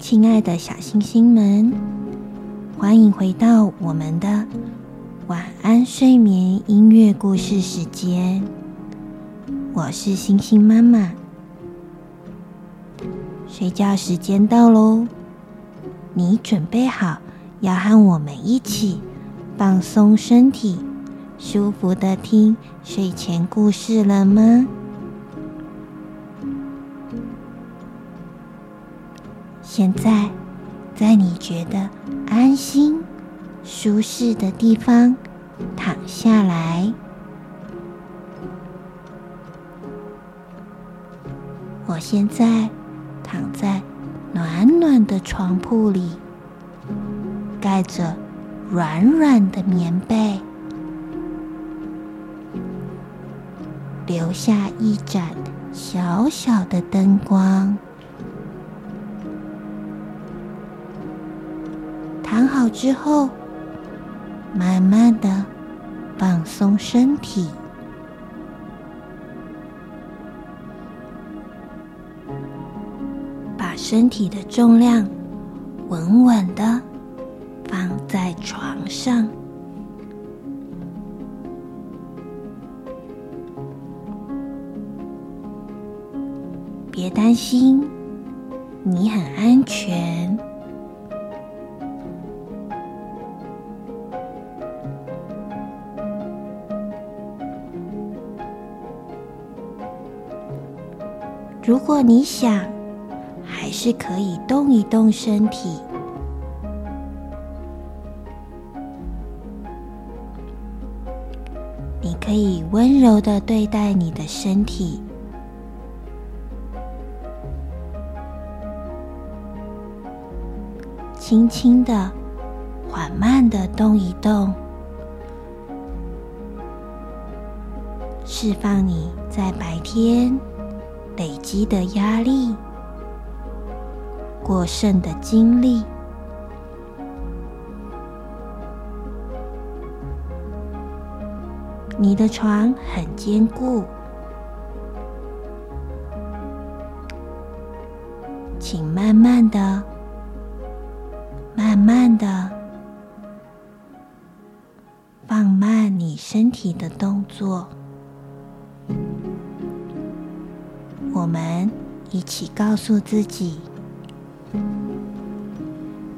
親愛的小星星們，歡迎回到我們的晚安睡眠音樂故事時間。我是星星媽媽，睡覺時間到嘍！你準備好要和我們一起放鬆身體、舒服的聽睡前故事了嗎？現在，在你覺得安心、舒適的地方躺下來。我現在躺在暖暖的床鋪裡，蓋着軟軟的棉被，留下一盞小小的燈光。好之後，慢慢的放鬆身體，把身體的重量穩穩的放在床上，別擔心，你很安全。如果你想，還是可以動一動身體。你可以溫柔地對待你的身體，輕輕的、緩慢的動一動，釋放你在白天累積的壓力，過剩的精力。你的床很堅固，請慢慢的、慢慢的放慢你身體的動作。你告訴自己，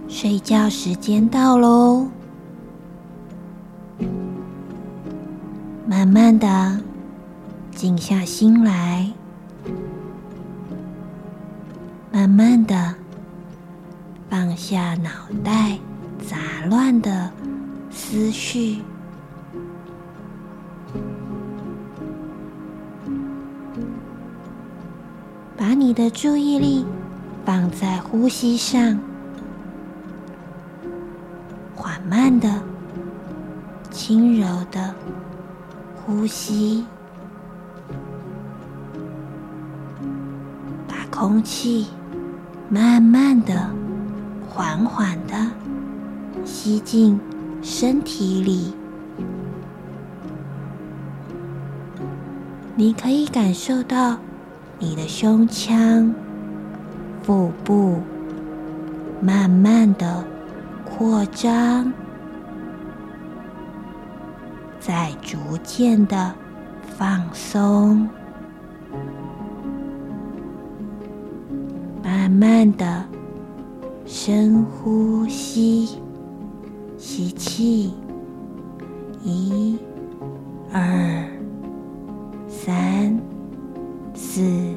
睡覺時間到嘍。慢慢的，靜下心來，慢慢的放下腦袋。你的注意力放在呼吸上，緩慢的、輕柔的呼吸，把空氣慢慢的、緩緩的吸進身體裡，你可以感受到。你的胸腔、腹部慢慢的擴張，再逐漸的放鬆，慢慢的深呼吸，吸氣，一、二、三、四。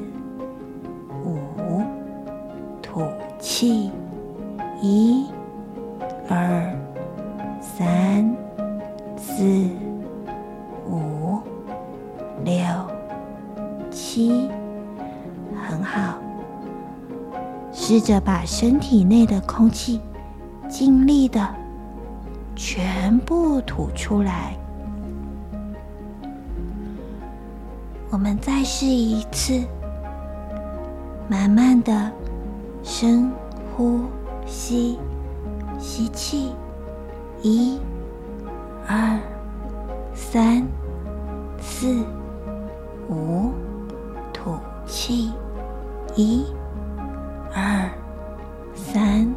着把身體內的空氣盡力的全部吐出來。我們再試一次，慢慢的深呼吸，吸氣，一、二、三、四、五，吐氣，一、二。三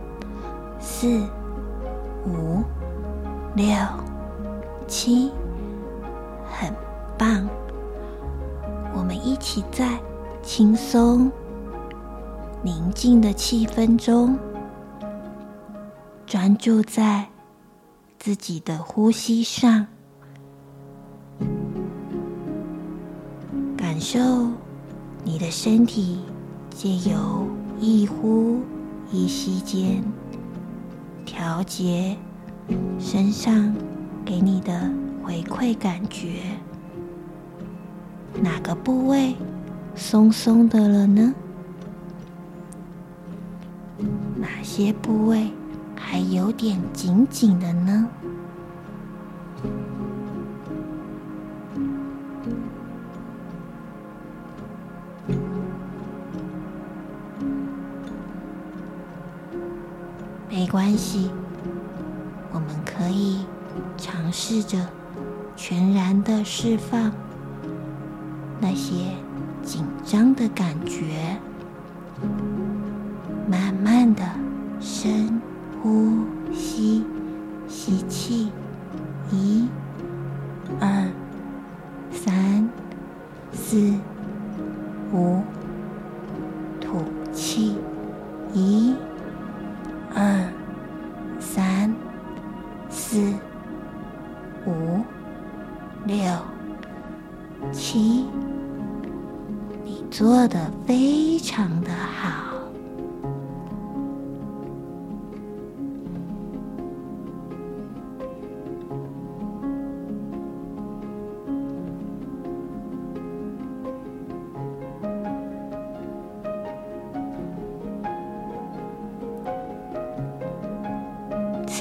四五六七，很棒！我們一起在輕鬆寧靜的氣氛中，專注在自己的呼吸上，感受你的身體，藉由一呼，一息間調節身上給你的回饋感覺，哪個部位鬆鬆的了呢？哪些部位還有點緊緊的呢？關係，我們可以嘗試着全然的釋放那些緊張的感覺。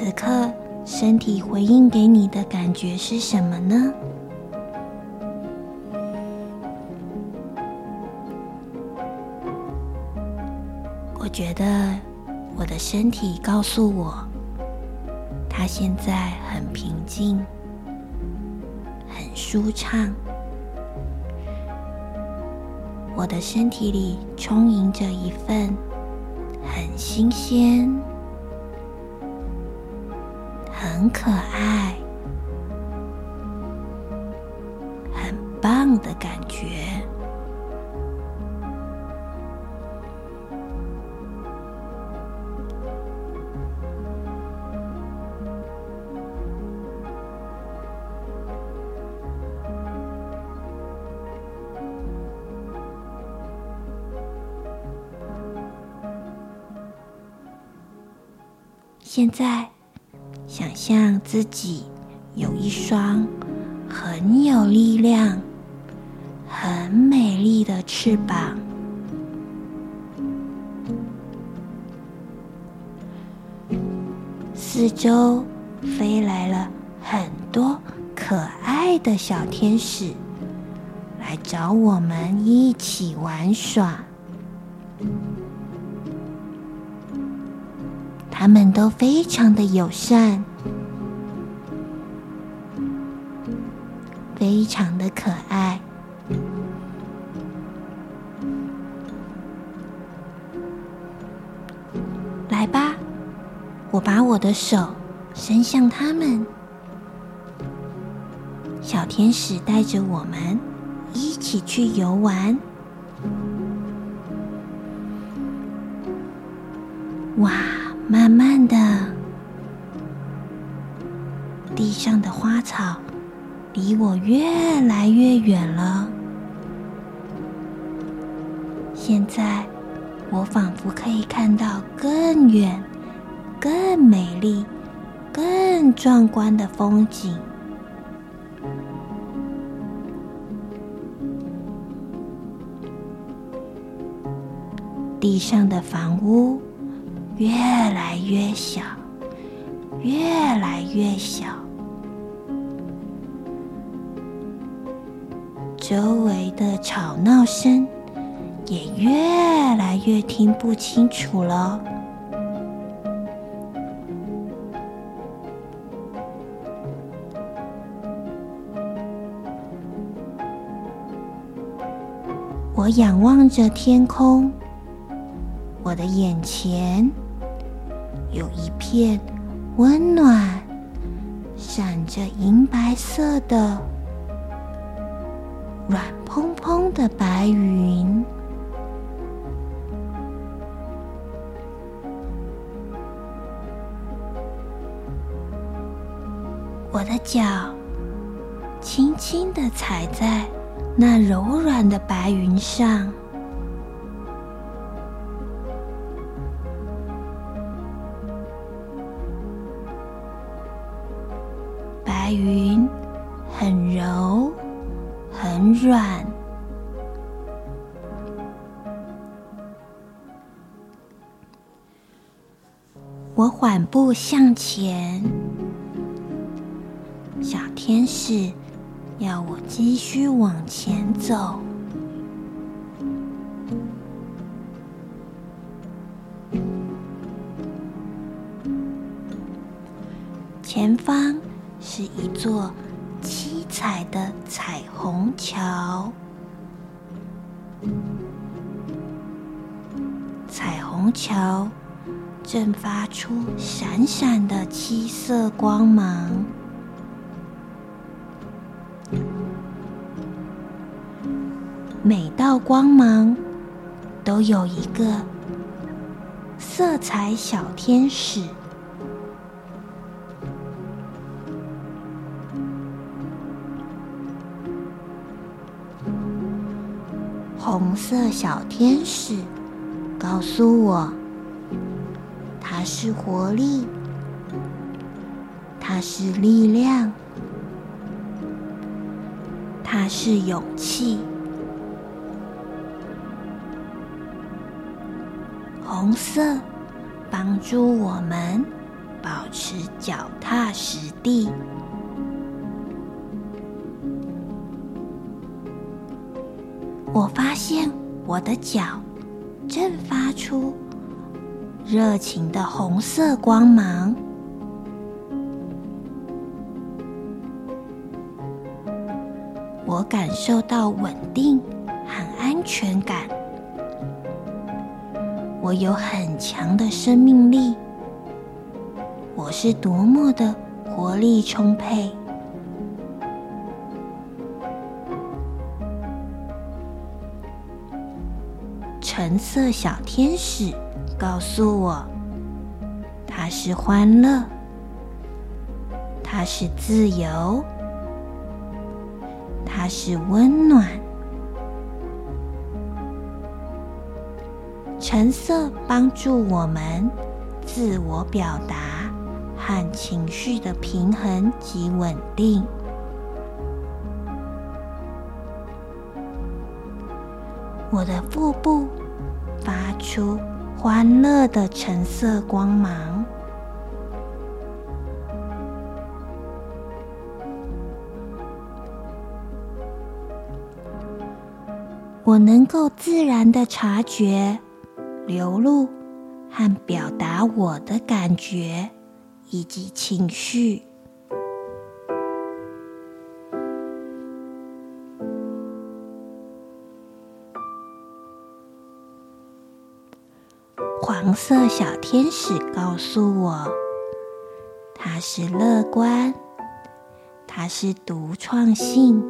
此刻，身體回應給你的感覺是什麼呢？我覺得我的身體告訴我，它現在很平靜，很舒暢。我的身體裡充盈着一份很新鮮。很可愛。自己有一雙很有力量、很美麗的翅膀。四周飛來了很多可愛的小天使，來找我們一起玩耍。他們都非常的友善。非常的可愛，來吧，我把我的手伸向他們，小天使帶着我們一起去遊玩。哇，慢慢的，地上的花草，離我越來越遠了。現在，我仿佛可以看到更遠、更美麗、更壯觀的風景。地上的房屋越來越小，越來越小。周圍的吵鬧聲也越來越聽不清楚了。我仰望着天空，我的眼前有一片溫暖，閃着銀白色的。軟蓬蓬的白雲，我的腳輕輕地踩在那柔軟的白雲上，白雲，步向前，小天使要我繼續往前走。前方是一座七彩的彩虹橋。正發出閃閃的七色光芒，每道光芒都有一個色彩小天使。紅色小天使告訴我。它是活力，它是力量，它是勇氣。紅色幫助我們保持腳踏實地。我發現我的腳正發出。熱情的紅色光芒，我感受到穩定和安全感。我有很強的生命力，我是多麼的活力充沛！橙色小天使，告訴我，它是歡樂，它是自由，它是溫暖。橙色幫助我們自我表達和情緒的平衡及穩定。我的腹部發出。歡樂的橙色光芒，我能夠自然的察覺、流露和表達我的感覺以及情緒。黃色小天使告訴我，它是樂觀，它是獨創性，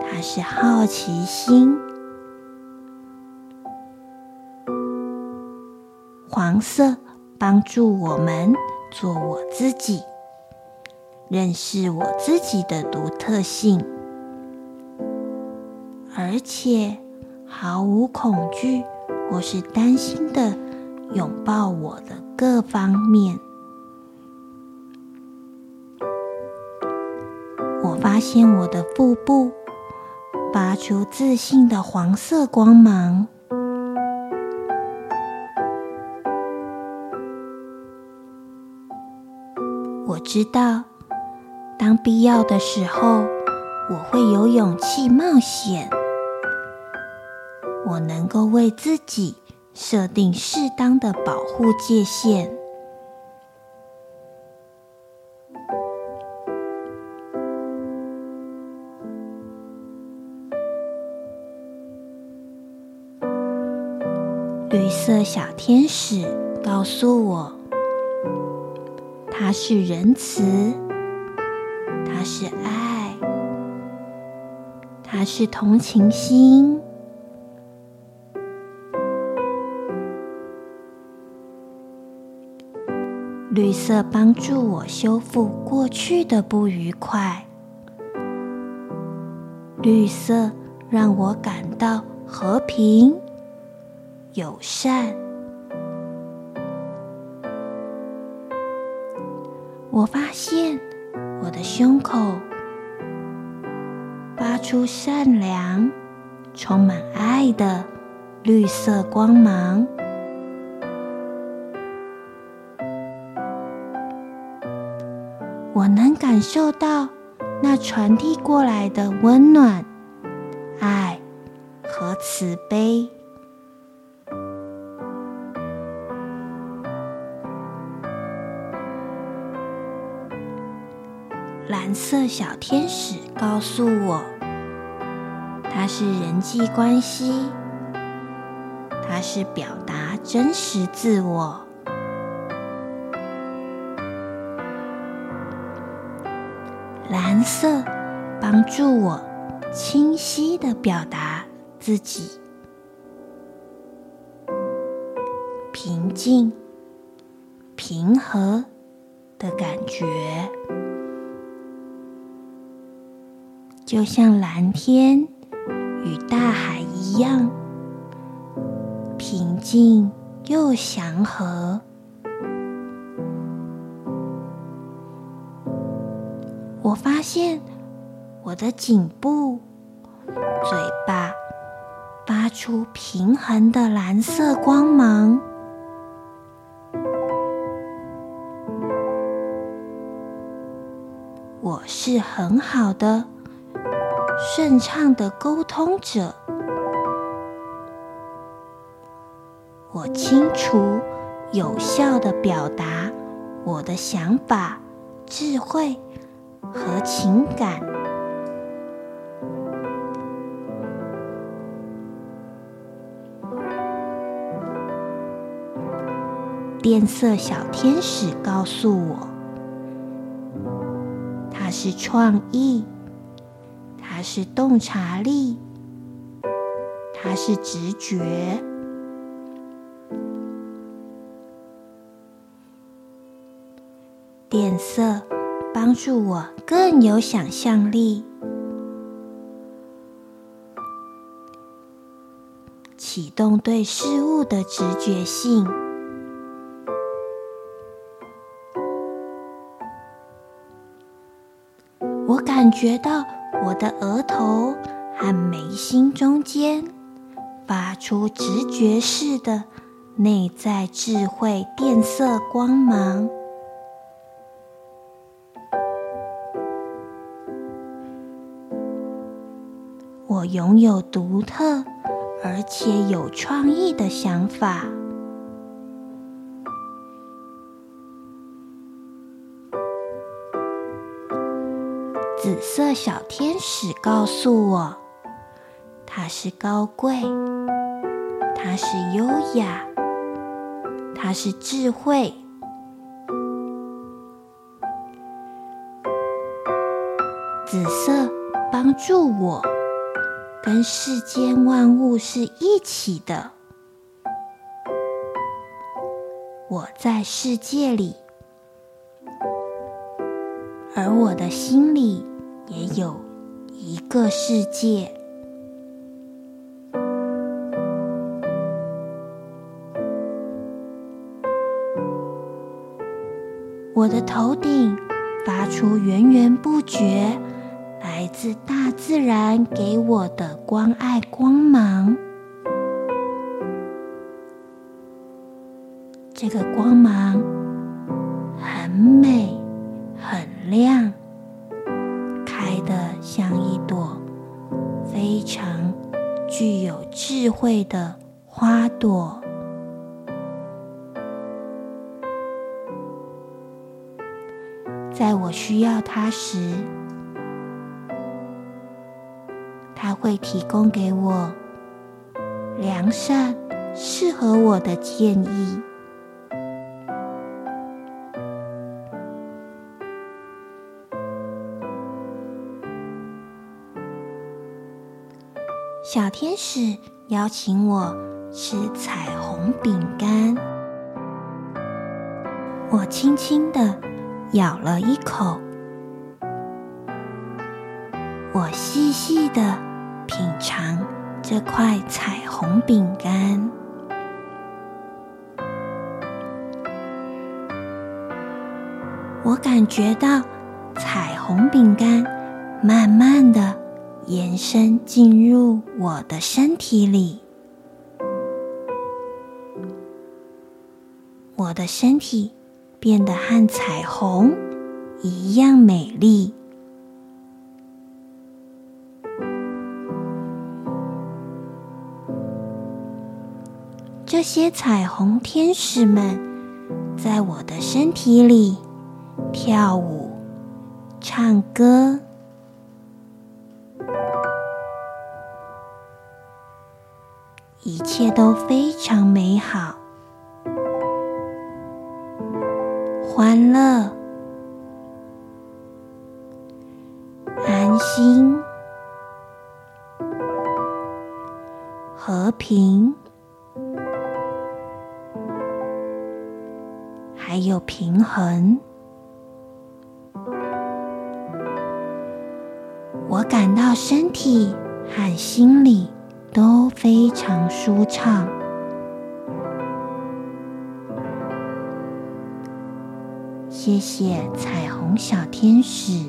它是好奇心。黃色幫助我們做我自己，認識我自己的獨特性，而且毫無恐懼，或是擔心的。擁抱我的各方面，我發現我的腹部發出自信的黃色光芒。我知道，當必要的時候，我會有勇氣冒險。我能夠為自己。設定適當的保護界限。綠色小天使告訴我，它是仁慈，它是愛，它是同情心。綠色幫助我修復過去的不愉快。綠色讓我感到和平、友善。我發現我的胸口發出善良、充滿愛的綠色光芒。感受到那傳遞過來的溫暖、愛和慈悲。藍色小天使告訴我，它是人際關係，它是表達真實自我。藍色幫助我清晰的表達自己，平靜、平和的感覺，就像藍天與大海一樣，平靜又祥和。我發現我的頸部、嘴巴發出平衡的藍色光芒。我是很好的、順暢的溝通者。我清楚、有效地表達我的想法、智慧，和情感，靛色小天使告訴我，它是創意，它是洞察力，它是直覺。靛色幫助我。更有想象力，啟動對事物的直覺性。我感覺到我的額頭和眉心中間發出直覺式的內在智慧靛色光芒。擁有獨特而且有創意的想法。紫色小天使告訴我，它是高貴，它是優雅，它是智慧。紫色幫助我。跟世間萬物是一起的，我在世界裡，而我的心裡也有一個世界。我的頭頂發出源源不絕。是大自然給我的關愛光芒。這個光芒很美，很亮，開得像一朵非常具有智慧的花朵。在我需要它時。會提供給我良善、適合我的建議。小天使邀請我吃彩虹餅餅乾，我輕輕地咬了一口，我細細的。品嘗這塊彩虹餅乾，我感覺到彩虹餅乾慢慢的延伸進入我的身體裡，我的身體變得和彩虹一樣美麗。這些彩虹天使們在我的身體裡跳舞、唱歌，一切都非常美好，歡樂、安心、和平。平衡，我感到身體和心理都非常舒暢。謝謝彩虹小天使，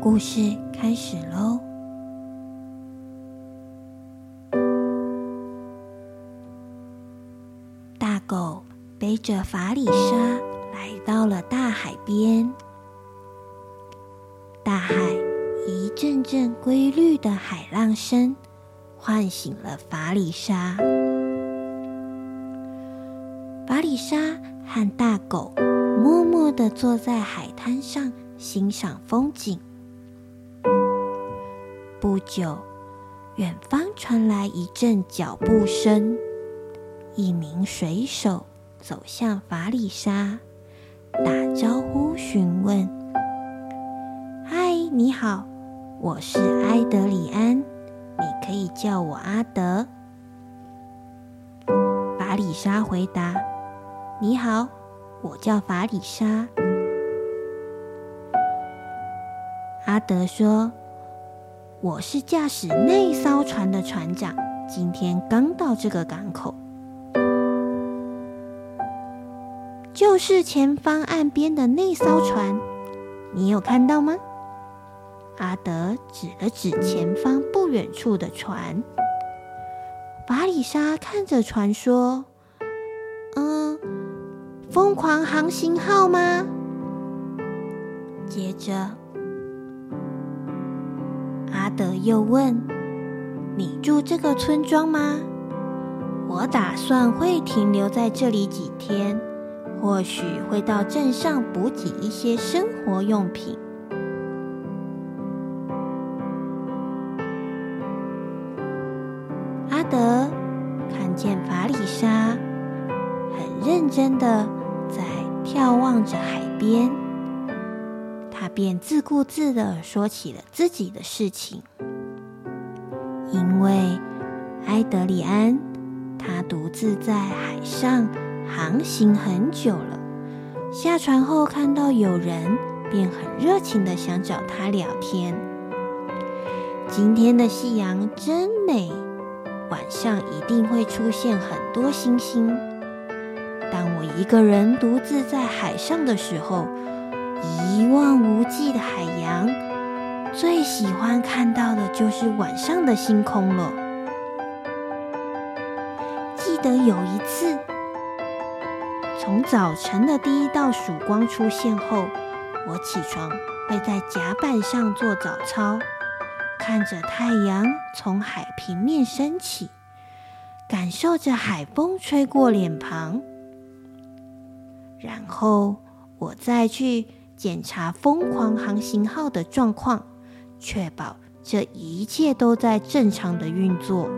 故事開始嘍。狗背着法理沙來到了大海邊。大海一陣陣規律的海浪聲喚醒了法理沙。法理沙和大狗默默的坐在海灘上欣賞風景。不久，遠方傳來一陣腳步聲。一名水手走向法理沙，打招呼詢問：“嗨，你好，我是埃德里安，你可以叫我阿德。”法理沙回答：“你好，我叫法理沙。”阿德說：“我是駕駛那艘船的船長，今天剛到這個港口。”就是前方岸邊的那艘船，你有看到嗎？阿德指了指前方不遠處的船。法里莎看着船說：“嗯，瘋狂航行號嗎？”接着，阿德又問：“你住這個村莊嗎？我打算會停留在這裡幾天。”或許會到鎮上補給一些生活用品。阿德看見法里莎很認真的在眺望着海邊，他便自顧自的說起了自己的事情。因為埃德里安，他獨自在海上。航行很久了，下船後看到有人，便很熱情的想找他聊天。今天的夕陽真美，晚上一定會出現很多星星。當我一個人獨自在海上的時候，一望無際的海洋，最喜歡看到的就是晚上的星空了。記得有一次。從早晨的第一道曙光出現後，我起床會在甲板上做早操，看着太陽從海平面升起，感受着海風吹過臉龐，然後我再去檢查“瘋狂航行號”的狀況，確保這一切都在正常的運作。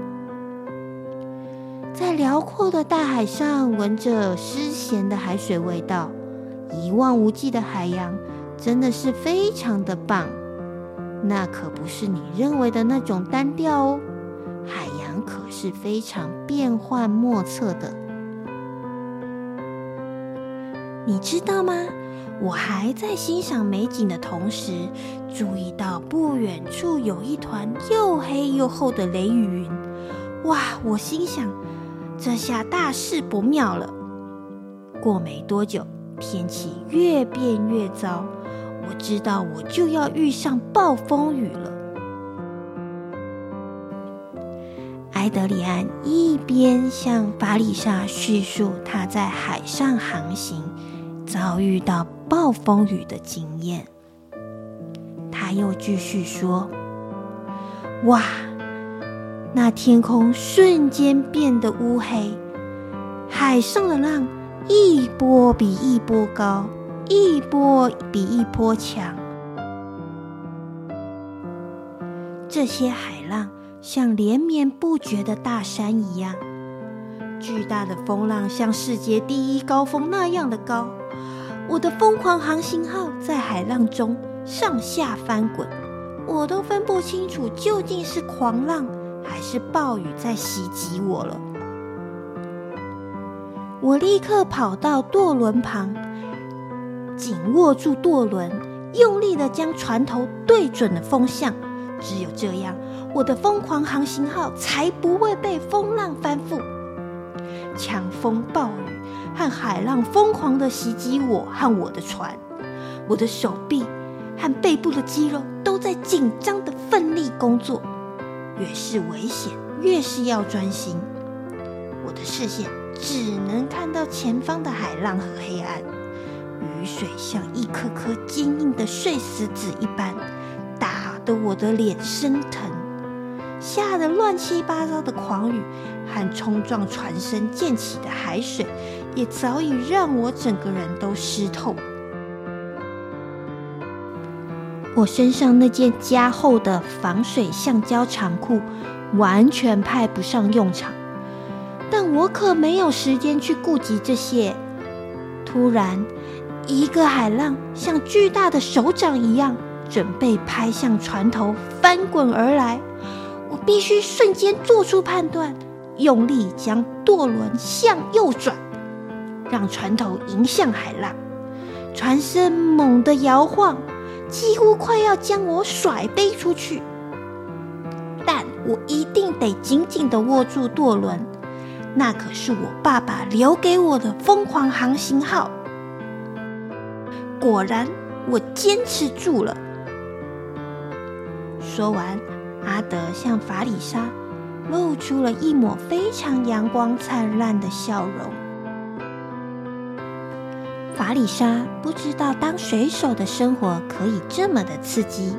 在遼闊的大海上，聞着濕鹹的海水味道，一望無際的海洋真的是非常的棒。那可不是你認為的那種單調哦，海洋可是非常變幻莫測的。你知道嗎？我還在欣賞美景的同時，注意到不遠處有一團又黑又厚的雷雨雲。哇，我心想。這下大事不妙了。過沒多久，天氣越變越糟，我知道我就要遇上暴風雨了。埃德里安一邊向法理沙敘述他在海上航行遭遇到暴風雨的經驗，他又繼續說：“哇！”那天空瞬間變得烏黑，海上的浪一波比一波高，一波比一波強。這些海浪像連綿不絕的大山一樣，巨大的風浪像世界第一高峰那樣的高。我的瘋狂航行號在海浪中上下翻滾，我都分不清楚究竟是狂浪。還是暴雨在襲擊我了。我立刻跑到舵輪旁，緊握住舵輪，用力的將船頭對準了風向。只有這樣，我的瘋狂航行號才不會被風浪翻覆。強風暴雨和海浪瘋狂的襲擊我和我的船，我的手臂和背部的肌肉都在緊張的奮力工作。越是危險，越是要專心。我的視線只能看到前方的海浪和黑暗，雨水像一顆顆堅硬的碎石子一般，打得我的臉生疼。下得亂七八糟的狂雨和衝撞船身濺起的海水，也早已讓我整個人都濕透。我身上那件加厚的防水橡膠長褲完全派不上用場，但我可沒有時間去顧及這些。突然，一個海浪像巨大的手掌一樣，準備拍向船頭，翻滾而來。我必須瞬間做出判斷，用力將舵輪向右轉，讓船頭迎向海浪。船身猛地搖晃。幾乎快要將我甩飛出去，但我一定得緊緊地握住舵輪，那可是我爸爸留給我的“瘋狂航行號”。果然，我堅持住了。說完，阿德向法里莎露出了一抹非常陽光燦爛的笑容。法理沙不知道當水手的生活可以這麼的刺激。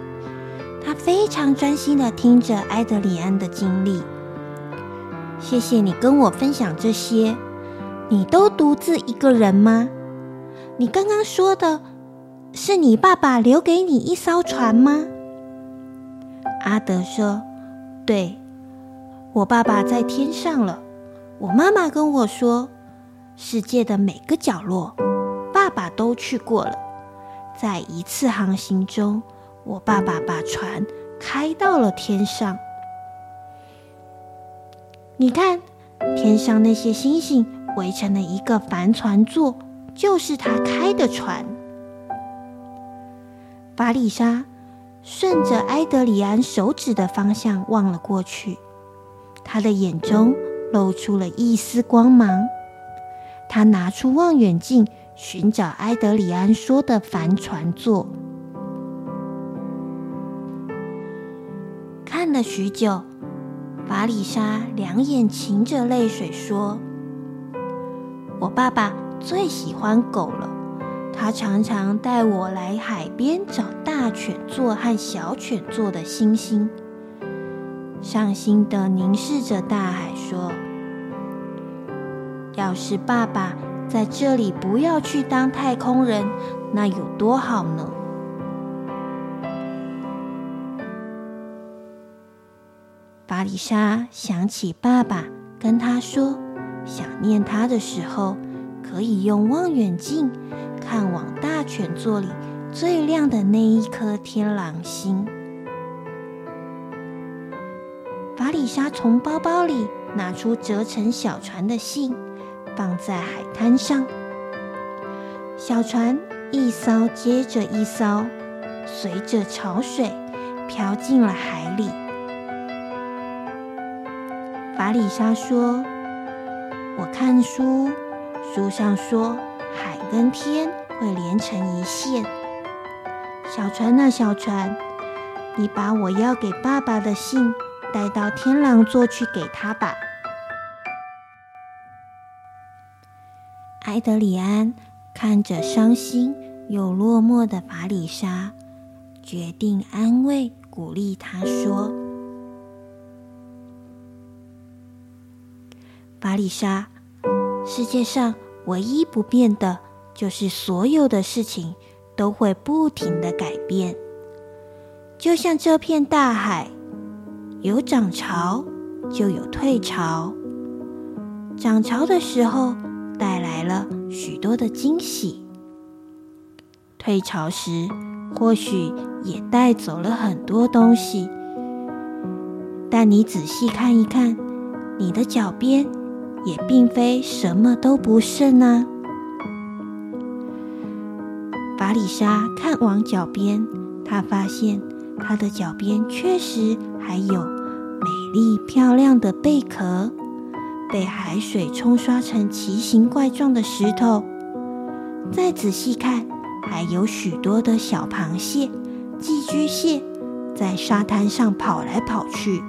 她非常專心地聽着埃德里安的經歷。謝謝你跟我分享這些。你都獨自一個人嗎？你剛剛說的是你爸爸留給你一艘船嗎？阿德說：“對，我爸爸在天上了。我媽媽跟我說，世界的每個角落。”爸爸都去過了。在一次航行中，我爸爸把船開到了天上。你看，天上那些星星圍成了一個帆船座，就是他開的船。法理沙順着埃德里安手指的方向望了過去，他的眼中露出了一絲光芒。他拿出望遠鏡。尋找埃德里安說的帆船座，看了許久，法理沙兩眼噙着淚水說：“我爸爸最喜歡狗了，他常常帶我來海邊找大犬座和小犬座的星星。”傷心的凝視着大海說：“要是爸爸……”在這裡不要去當太空人，那有多好呢？法理沙想起爸爸跟她說，想念他的時候，可以用望遠鏡看往大犬座裡最亮的那一顆天狼星。法理沙從包包裡拿出折成小船的信。放在海灘上，小船一艘接着一艘，隨着潮水飄進了海裡。法理沙說：“我看書，書上說海跟天會連成一線。小船啊，小船，你把我要給爸爸的信帶到天狼座去給他吧。”埃德里安看着傷心又落寞的法理沙，決定安慰鼓勵她說：“法理沙，世界上唯一不變的就是所有的事情都會不停地改變，就像這片大海，有漲潮就有退潮，漲潮的時候，”了許多的驚喜。退潮時，或許也帶走了很多東西，但你仔細看一看，你的腳邊也並非什麼都不剩啊！法理沙看往腳邊，她發現她的腳邊確實還有美麗漂亮的貝殼。被海水沖刷成奇形怪狀的石頭，再仔細看，還有許多的小螃蟹、寄居蟹在沙灘上跑來跑去。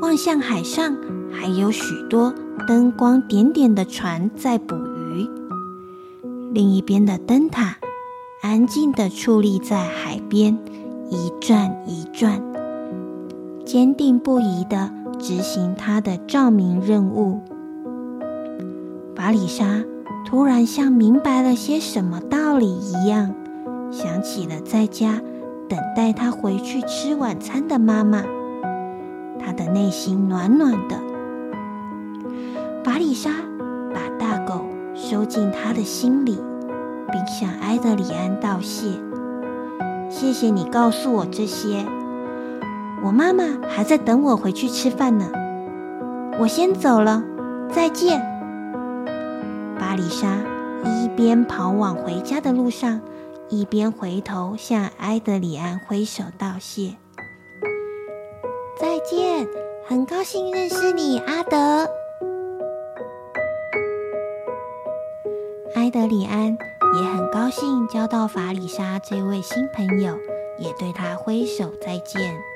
望向海上，還有許多燈光點點的船在捕魚。另一邊的燈塔安靜地矗立在海邊，一轉一轉，堅定不移地，執行他的照明任務，法理沙突然像明白了些什麼道理一樣，想起了在家等待他回去吃晚餐的媽媽，她的內心暖暖的。法理沙把大狗收進他的心裡，並向埃德里安道謝：“謝謝你告訴我這些。”我媽媽還在等我回去吃飯呢，我先走了，再見。法理沙一邊跑往回家的路上，一邊回頭向埃德里安揮手道謝。再見，很高興認識你，阿德。埃德里安也很高興交到法理沙這位新朋友，也對他揮手再見。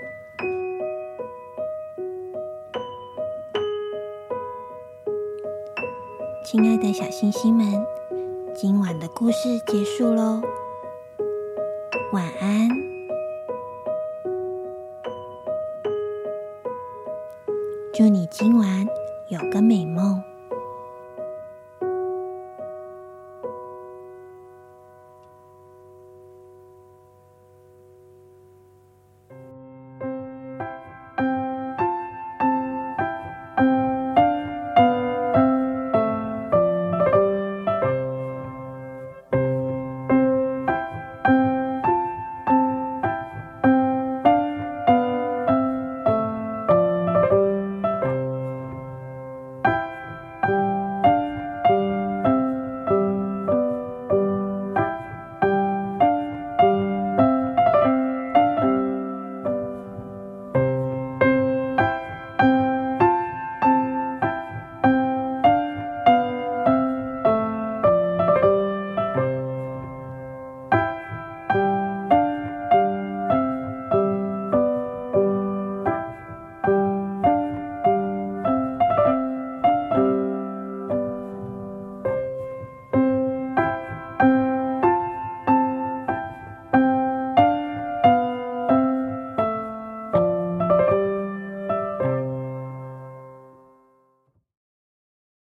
親愛的小星星們，今晚的故事結束嘍，晚安，祝你今晚有個美夢。